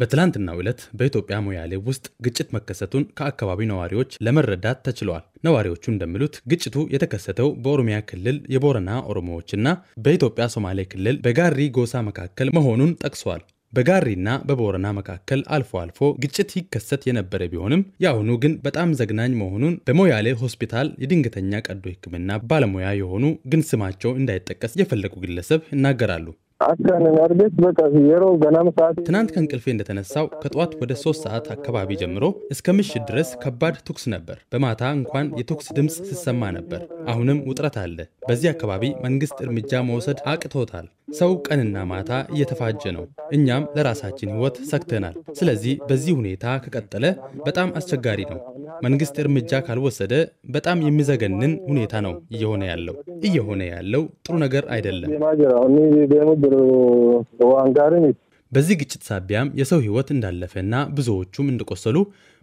በትላንትናው ዕለት በኢትዮጵያ ሞያሌ ውስጥ ግጭት መከሰቱን ከአካባቢው ነዋሪዎች ለመረዳት ተችሏል። ነዋሪዎቹ እንደሚሉት ግጭቱ የተከሰተው በኦሮሚያ ክልል የቦረና ኦሮሞዎችና በኢትዮጵያ ሶማሌ ክልል በጋሪ ጎሳ መካከል መሆኑን ጠቅሷል። በጋሪና በቦረና መካከል አልፎ አልፎ ግጭት ይከሰት የነበረ ቢሆንም የአሁኑ ግን በጣም ዘግናኝ መሆኑን በሞያሌ ሆስፒታል የድንገተኛ ቀዶ ሕክምና ባለሙያ የሆኑ ግን ስማቸው እንዳይጠቀስ የፈለጉ ግለሰብ ይናገራሉ። ትናንት ከእንቅልፌ እንደተነሳው ከጠዋት ወደ ሶስት ሰዓት አካባቢ ጀምሮ እስከ ምሽት ድረስ ከባድ ቱክስ ነበር። በማታ እንኳን የተኩስ ድምፅ ሲሰማ ነበር። አሁንም ውጥረት አለ። በዚህ አካባቢ መንግስት እርምጃ መውሰድ አቅቶታል። ሰው ቀንና ማታ እየተፋጀ ነው። እኛም ለራሳችን ሕይወት ሰግተናል። ስለዚህ በዚህ ሁኔታ ከቀጠለ በጣም አስቸጋሪ ነው። መንግስት እርምጃ ካልወሰደ በጣም የሚዘገንን ሁኔታ ነው እየሆነ ያለው እየሆነ ያለው ጥሩ ነገር አይደለም። በዚህ ግጭት ሳቢያም የሰው ሕይወት እንዳለፈና ብዙዎቹም እንደቆሰሉ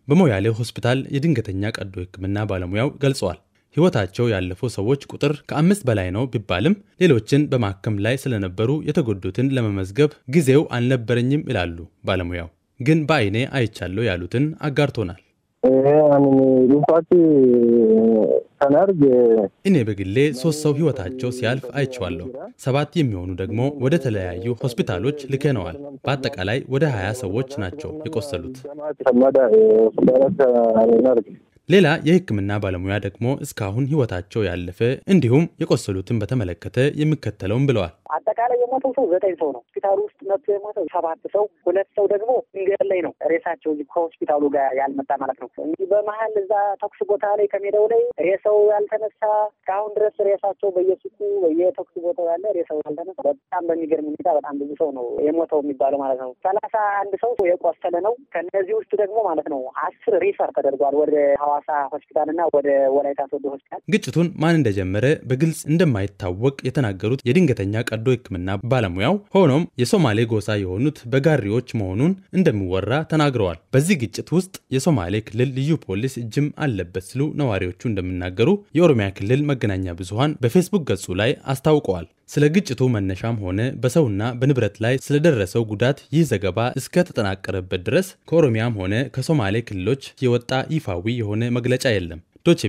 በሞያሌ ሆስፒታል የድንገተኛ ቀዶ ሕክምና ባለሙያው ገልጸዋል። ሕይወታቸው ያለፉ ሰዎች ቁጥር ከአምስት በላይ ነው ቢባልም ሌሎችን በማከም ላይ ስለነበሩ የተጎዱትን ለመመዝገብ ጊዜው አልነበረኝም ይላሉ ባለሙያው። ግን በአይኔ አይቻለሁ ያሉትን አጋርቶናል። እኔ በግሌ ሶስት ሰው ህይወታቸው ሲያልፍ አይቼዋለሁ። ሰባት የሚሆኑ ደግሞ ወደ ተለያዩ ሆስፒታሎች ልከነዋል። በአጠቃላይ ወደ ሀያ ሰዎች ናቸው የቆሰሉት። ሌላ የህክምና ባለሙያ ደግሞ እስካሁን ህይወታቸው ያለፈ እንዲሁም የቆሰሉትን በተመለከተ የሚከተለውን ብለዋል። አጠቃላይ የሞተው ሰው ዘጠኝ ሰው ነው። ሆስፒታሉ ውስጥ መጥቶ የሞተው ሰባት ሰው፣ ሁለት ሰው ደግሞ መንገድ ላይ ነው ሬሳቸው ከሆስፒታሉ ጋር ያልመጣ ማለት ነው። እንግዲህ በመሀል እዛ ተኩስ ቦታ ላይ ከሜዳው ላይ ሬሳው ያልተነሳ ከአሁን ድረስ ሬሳቸው በየሱቁ በየተኩስ ቦታው ያለ ሬሳው ያልተነሳ በጣም በሚገርም ሁኔታ በጣም ብዙ ሰው ነው የሞተው የሚባለው ማለት ነው። ሰላሳ አንድ ሰው የቆሰለ ነው። ከነዚህ ውስጥ ደግሞ ማለት ነው አስር ሪፈር ተደርጓል ወደ ሐዋሳ ሆስፒታልና ወደ ወላይታ ሶዶ ሆስፒታል። ግጭቱን ማን እንደጀመረ በግልጽ እንደማይታወቅ የተናገሩት የድንገተኛ ቀዶ የቀዶ ሕክምና ባለሙያው ሆኖም የሶማሌ ጎሳ የሆኑት በጋሪዎች መሆኑን እንደሚወራ ተናግረዋል። በዚህ ግጭት ውስጥ የሶማሌ ክልል ልዩ ፖሊስ እጅም አለበት ሲሉ ነዋሪዎቹ እንደሚናገሩ የኦሮሚያ ክልል መገናኛ ብዙኃን በፌስቡክ ገጹ ላይ አስታውቀዋል። ስለ ግጭቱ መነሻም ሆነ በሰውና በንብረት ላይ ስለደረሰው ጉዳት ይህ ዘገባ እስከተጠናቀረበት ድረስ ከኦሮሚያም ሆነ ከሶማሌ ክልሎች የወጣ ይፋዊ የሆነ መግለጫ የለም። ዶቼ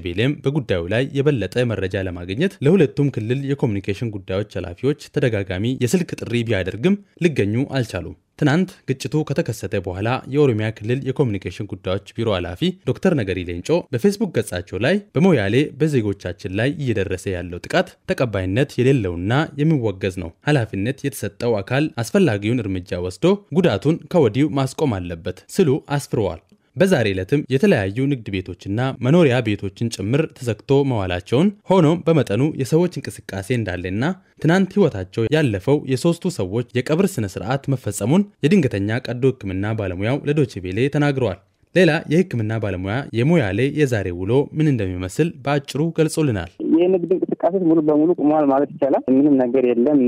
በጉዳዩ ላይ የበለጠ መረጃ ለማግኘት ለሁለቱም ክልል የኮሚኒኬሽን ጉዳዮች ኃላፊዎች ተደጋጋሚ የስልክ ጥሪ ቢያደርግም ሊገኙ አልቻሉም። ትናንት ግጭቱ ከተከሰተ በኋላ የኦሮሚያ ክልል የኮሚኒኬሽን ጉዳዮች ቢሮ ኃላፊ ዶክተር ነገሪ ሌንጮ በፌስቡክ ገጻቸው ላይ በሞያሌ በዜጎቻችን ላይ እየደረሰ ያለው ጥቃት ተቀባይነት የሌለውና የሚወገዝ ነው። ኃላፊነት የተሰጠው አካል አስፈላጊውን እርምጃ ወስዶ ጉዳቱን ከወዲሁ ማስቆም አለበት ሲሉ አስፍረዋል። በዛሬ ዕለትም የተለያዩ ንግድ ቤቶችና መኖሪያ ቤቶችን ጭምር ተዘግቶ መዋላቸውን፣ ሆኖም በመጠኑ የሰዎች እንቅስቃሴ እንዳለና ትናንት ህይወታቸው ያለፈው የሶስቱ ሰዎች የቀብር ስነ ስርዓት መፈጸሙን የድንገተኛ ቀዶ ህክምና ባለሙያው ለዶችቤሌ ተናግረዋል። ሌላ የህክምና ባለሙያ የሞያሌ የዛሬ ውሎ ምን እንደሚመስል በአጭሩ ገልጾልናል። የንግድ እንቅስቃሴ ሙሉ በሙሉ ቁመዋል ማለት ይቻላል። ምንም ነገር የለም።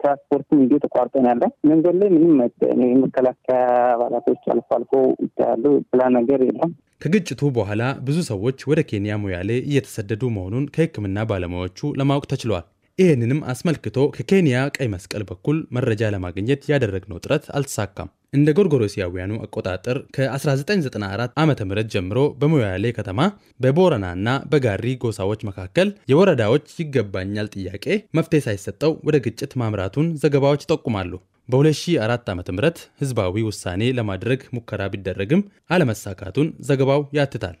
ትራንስፖርትም እንዲሁ ተቋርጦን ያለ መንገድ ላይ ምንም የመከላከያ አባላቶች አልፎ አልፎ ይታያሉ። ብላ ነገር የለም። ከግጭቱ በኋላ ብዙ ሰዎች ወደ ኬንያ ሞያሌ እየተሰደዱ መሆኑን ከሕክምና ባለሙያዎቹ ለማወቅ ተችሏል። ይህንንም አስመልክቶ ከኬንያ ቀይ መስቀል በኩል መረጃ ለማግኘት ያደረግነው ጥረት አልተሳካም። እንደ ጎርጎሮሲያውያኑ አቆጣጠር ከ1994 ዓ ም ጀምሮ በሞያሌ ከተማ በቦረናና በጋሪ ጎሳዎች መካከል የወረዳዎች ይገባኛል ጥያቄ መፍትሄ ሳይሰጠው ወደ ግጭት ማምራቱን ዘገባዎች ይጠቁማሉ። በ2004 ዓ ም ህዝባዊ ውሳኔ ለማድረግ ሙከራ ቢደረግም አለመሳካቱን ዘገባው ያትታል።